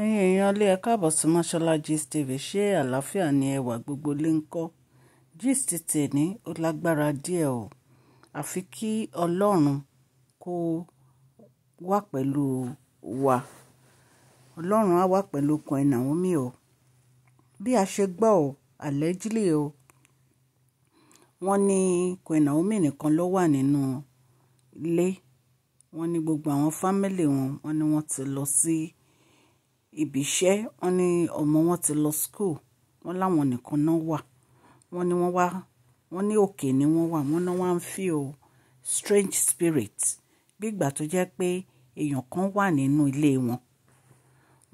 ẹ̀yin èèyàn ilé ẹ káàbọ̀ sí Mashola Gist TV ṣé àlàáfíà ni ẹ wà gbogbo lè ń kọ́ gist tèmi ó lágbára díẹ̀ o àfi kí ọlọ́run kó wà pẹ̀lú wa ọlọ́run á wà pẹ̀lú Queen Naomi o bí a ṣe gbọ́ o allegedly o wọ́n ní Queen Naomi nìkan ló wà nínú ilé wọ́n ní gbogbo àwọn fámìlì wọn wọ́n ní wọ́n ti lọ sí. Si ibi iṣẹ́ wọ́n ní ọmọ wọn ti lọ school wọ́n láwọn nìkan náà wà wọ́n ní wọ́n wá wọ́n ní òkè ni wọ́n wà wọ́n náà wá ń fi o strange spirit bí ìgbà tó jẹ́ pé èèyàn kan wà nínú ilé wọn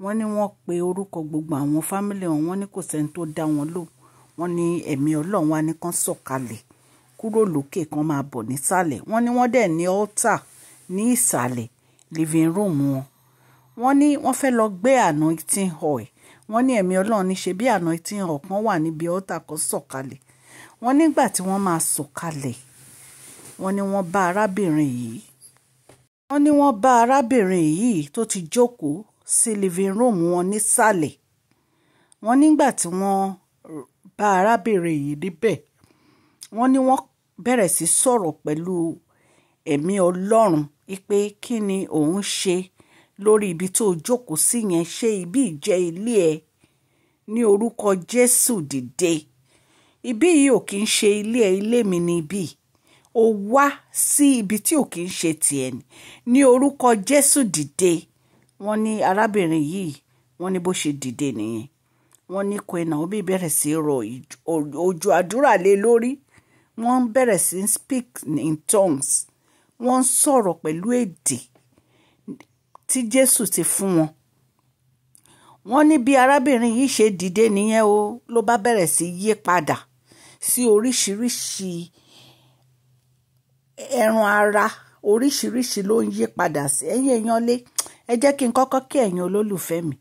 wọ́n ní wọ́n pe orúkọ gbogbo àwọn fámìlì wọn wọ́n ní kò sẹ́ni tó dá wọn lò wọ́n ní ẹ̀mí ọlọ́run wa ní kán sọ̀kalẹ̀ kúrò lókè kan máa bọ̀ nísàlẹ̀ wọ́n ní wọ́n dẹ̀ ní ọ́tà ní ìsàlẹ̀ living room wọn wọ́n ní wọ́n fẹ́ lọ gbé anointing oil wọ́n ní ẹ̀mí ọlọ́run ní ṣe bí anointing oil kan wà níbi altar kan sọ̀kalẹ̀ wọ́n nígbà tí wọ́n máa sọ̀kalẹ̀ wọ́n ní wọ́n bá arábìnrin yìí wọ́n ní wọ́n bá arábìnrin yìí tó ti jókòó sí living room wọn nísàlẹ̀ wọ́n nígbà tí wọ́n bá arábìnrin yìí níbẹ̀ wọ́n ní wọ́n bẹ̀rẹ̀ sí sọ̀rọ̀ pẹ̀lú ẹ̀mí ọlọ́run pé kí ni òun ṣe lórí ibi tó jókòó sí yẹn ṣé ibi ìjẹ́ ilé ẹ ní orúkọ Jésù dìde ibi yìí ò kì í ṣe ilé ẹ ilé mi ni ibi ó wá sí ibi tí ò kì í ṣe tiẹ̀ ni ní orúkọ Jésù dìde wọ́n ní arábìnrin yìí wọ́n ní bó ṣe dìde nìyẹn wọ́n ní Queen Naomi bẹ̀rẹ̀ sí rọ òjò àdúrà lé lórí wọ́n bẹ̀rẹ̀ sí speak in tongues wọ́n sọ̀rọ̀ pẹ̀lú èdè. E tí jésù ti fún wọn wọ́n ní bí arábìnrin yìí ṣe dìde nìyẹn o ló bá bẹ̀rẹ̀ sí yí padà sí oríṣiríṣi ẹran ara oríṣiríṣi ló ń yí padà sí ẹ̀yin èèyàn lé ẹ jẹ́ kí n kọ́kọ́ kí ẹ̀yin olólùfẹ́ mi.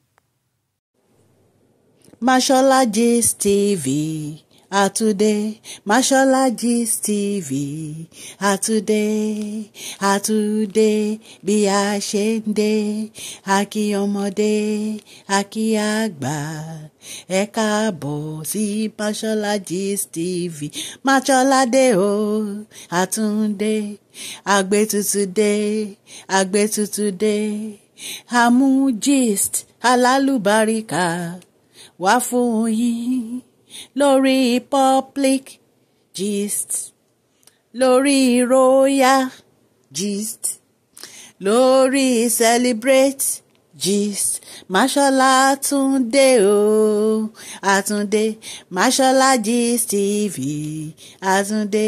Mashola Gist TV Atude, Mashola Gist TV. Atude, bí a ṣe ń dé. A kí ọmọdé, a kí àgbà. Ẹ káàbọ̀ sí Mashola Gist TV. Mashola dé o, Atunde. Àgbẹ̀ tuntun dé, àgbẹ̀ tuntun Àmú gist alálùbáríkà wá fún yín lórí public gist lórí royal gist lórí celebrate gist máṣọ́lá tún dé o àtúndé máṣọ́lá gist tv atunde.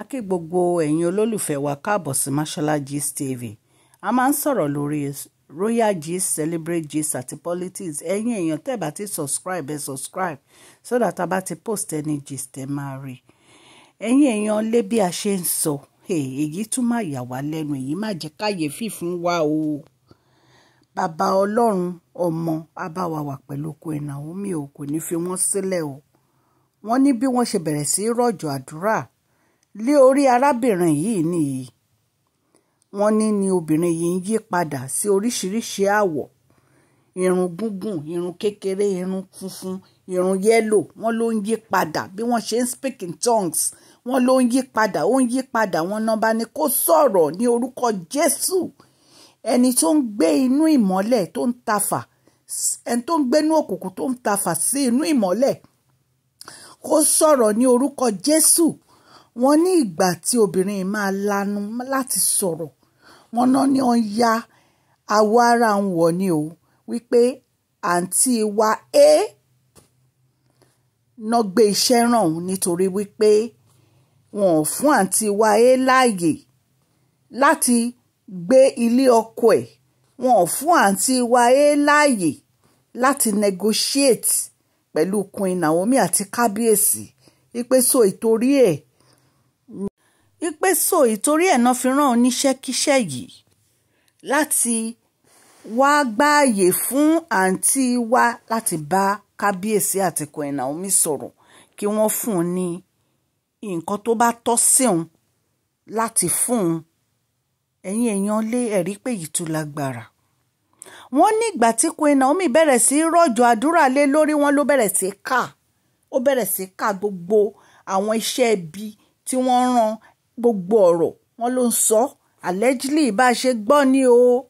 a kí gbogbo ẹ̀yin olólùfẹ́ wa káàbọ̀ sí máṣọ́lá gist tv a máa ń sọ̀rọ̀ lórí royal gist celebrate gist àti politics ẹ̀yin èèyàn tẹ́ ti subscribe ẹ subscribe so that a bá ti post any gist ẹ máa rí ẹ̀yin èèyàn lé bí a ṣe ń sọ èyí tún má yà wá lẹ́nu èyí má jẹ́ káyéfì fún wa o bàbá ọlọ́run ọmọ abáwàwà pẹ̀lú Queen Naomi o kò ní fi wọ́n sílẹ̀ o wọ́n ní bí wọ́n ṣe bẹ̀rẹ̀ sí rọ̀jò àdúrà lé orí arábìnrin yìí nìyí wọ́n ní ni obìnrin yìí ń yí padà sí oríṣiríṣi àwọ̀ irun gúngùn irun kékeré irun funfun irun yẹ́lò wọ́n ló ń yí padà bí wọ́n ṣe ń speak in tongues wọ́n ló ń yí padà ó ń yí padà wọ́n nọmba ni kó sọ̀rọ̀ ní orúkọ Jésù ẹni tó ń gbé inú ìmọ́lẹ̀ tó ń tafà ẹni tó ń gbénú òkùnkùn tó ń tafà sí inú ìmọ́lẹ̀ kó sọ̀rọ̀ ní orúkọ Jésù wọ́n ní ìgbà tí obìnrin máa lanu láti sọ̀rọ̀ wọ́n náà ní wọ́n ya awọ ara ń wọ̀ ni o wípé àǹtí wa ẹ́ ná gbé iṣẹ́ ràn òun nítorí wípé wọn ò fún àǹtí wa ẹ́ láàyè láti gbé ilé ọkọ ẹ̀ wọn ò fún àǹtí wa ẹ́ láàyè láti negotiate pẹ̀lú Queen Naomi àti kábíyèsí wípé so ìtorí ẹ̀ e, wípé so ìtorí ẹ̀ náà fi rán oníṣẹ́kíṣẹ́ yìí láti wáá gbáàyè fún àǹtí wa láti bá kábíyèsí àti Queen Naomi sọ̀rọ̀ kí wọ́n fún un ní nǹkan tó bá tọ́ sí òun láti fún un ẹ̀yin èèyàn lé ẹ̀rí pé yìí tún lágbára wọ́n ní ìgbà tí Queen Naomi bẹ̀rẹ̀ sí í rọ̀jò àdúrà lé lórí wọn ló bẹ̀rẹ̀ sí í kà ó bẹ̀rẹ̀ sí í kà gbogbo àwọn iṣẹ́ ibi tí wọ́n rán gbogbo ọ̀rọ̀ wọn ló ń sọ allegedly bá a ṣe gbọ́ ni o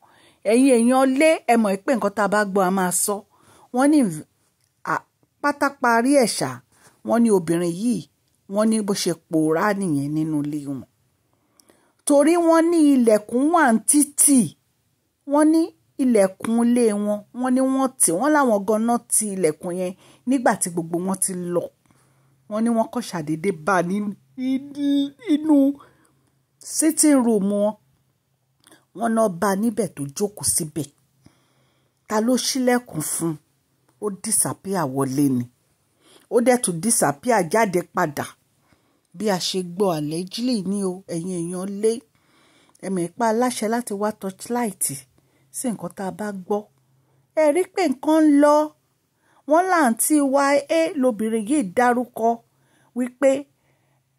ẹ̀yin èèyàn lé ẹ mọ̀ nǹkan tá a bá gbọ́ a máa sọ wọ́n ní pátáparí ẹ̀ṣà wọ́n ní obìnrin yìí wọ́n ní bó ṣe pòórá nìyẹn nínú ilé wọn torí wọ́n ní ilẹ̀kùn wà ń títì wọ́n ní ilẹ̀kùn ilé wọn wọ́n ní wọ́n tì wọ́n láwọn ganan ti ilẹ̀kùn yẹn nígbà tí gbogbo wọn ti lọ wọ́n ní wọ́n kọ́ ṣàdédé bá nínú inú sitting room wọn wọn náà bá a níbẹ̀ tó jókòó síbẹ̀ ta ló ṣílẹ̀kùn fún un ó disappear wọlé ni ó dẹ̀ tún disappear jáde padà bí a ṣe gbọ́ allegedly ní o ẹ̀yin èèyàn lé ẹ̀mí pa aláṣẹ láti wá torchlight sí nǹkan tá a bá gbọ́ ẹ rí pé nǹkan ń lọ wọ́n láǹtí wa ẹ́ lóbìnrin yìí dárúkọ wípé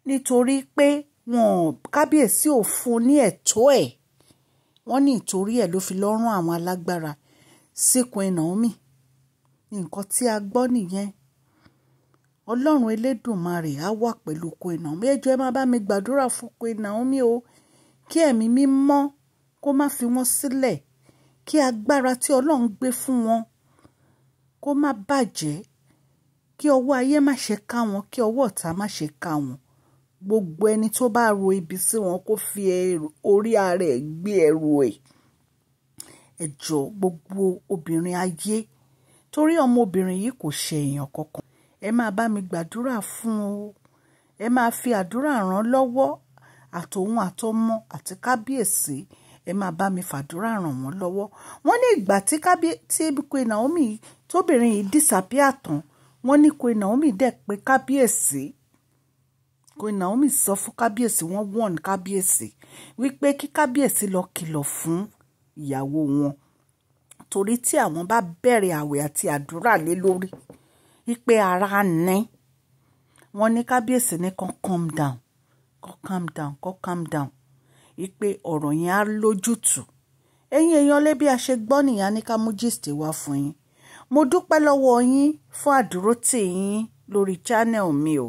nítorí pé wọn kábíyèsí ò fún ní ẹ̀tọ́ ẹ̀ wọ́n ní ìtorí ẹ̀ ló fi lọ́rùn àwọn alágbára sí Queen Naomi nǹkan tí a gbọ́ nìyẹn ọlọ́run elédùnmarè á wà pẹ̀lú Queen Naomi ẹ ẹ má bá mi gbàdúrà fún Queen Naomi o kí ẹ̀mí mímọ́ kó má fi wọ́n sílẹ̀ kí agbára tí ọlọ́run gbé fún wọn kó má bàjẹ́ kí ọwọ́ ayé má ṣe ká wọn kí ọwọ́ ọ̀tá má ṣe ká wọn gbogbo ẹni tó bá ro ibi sí wọn kó fi orí ara ẹ̀ gbé ẹrù ẹ̀ ẹjọ́ gbogbo obìnrin ayé torí ọmọbìnrin yìí kò ṣe èèyàn kankan ẹ máa bá mi gbàdúrà fún o ẹ máa fi àdúrà ràn lọ́wọ́ àtòun àtọmọ àti kábíyèsí ẹ máa bá mi fàdúrà ràn wọ́n lọ́wọ́ wọ́n ní ìgbà tí kábíyèsí Queen Naomi tóbìnrin yìí disappear tán wọ́n ní Queen Naomi dẹ̀ pé kábíyèsí Queen Naomi sọ fún kábíyèsí wọ́n wọ̀n kábíyèsí wípé kí kábíyèsí lọ kìlọ̀ fún ìyàwó wọn torí tí àwọn bá bẹ̀rẹ̀ àwẹ̀ àti àdúrà lé lórí wípé ara ní wọ́n ní kábíyèsí ní kan calm down kan calm down kan calm down wípé ọ̀rọ̀ yẹn á lójútùú ẹ̀yin èèyàn lé bí a ṣe gbọ́ nìyá ní ká mú gist wá fún yín mo dúpẹ́ lọ́wọ́ yín fún àdúrótì yín lórí channel mi o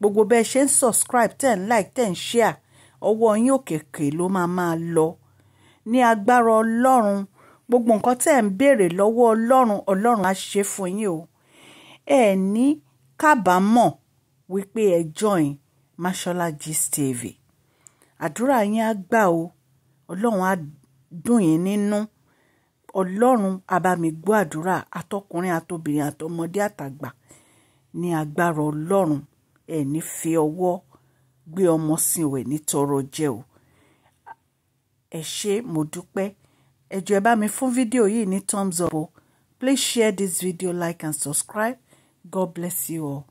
gbogbo bẹ́ẹ̀ ṣe ń subscribe ten like ten share ọwọ́ yín òkèkè ló máa máa lọ ní agbára ọlọ́run gbogbo nǹkan tẹ́ ń béèrè lọ́wọ́ ọlọ́run ọlọ́run á ṣe fún yín o ẹ ní kábàámọ̀ wípé ẹ join Mashola Gist TV àdúrà yín á gbà o ọlọ́run á dùn yín nínú ọlọ́run á bá mi gbọ́ àdúrà àtọkùnrin àtobìnrin àtọmọdé àtàgbà ní agbára ọlọ́run ẹ ní fi ọwọ́ gbé ọmọ sin ò ẹ ní tọrọ jẹ o ẹ ṣé mo dúpẹ́ ẹ ẹ bá mi fún fídíò yìí ní thumbs up o please share this video like and subscribe god bless you all.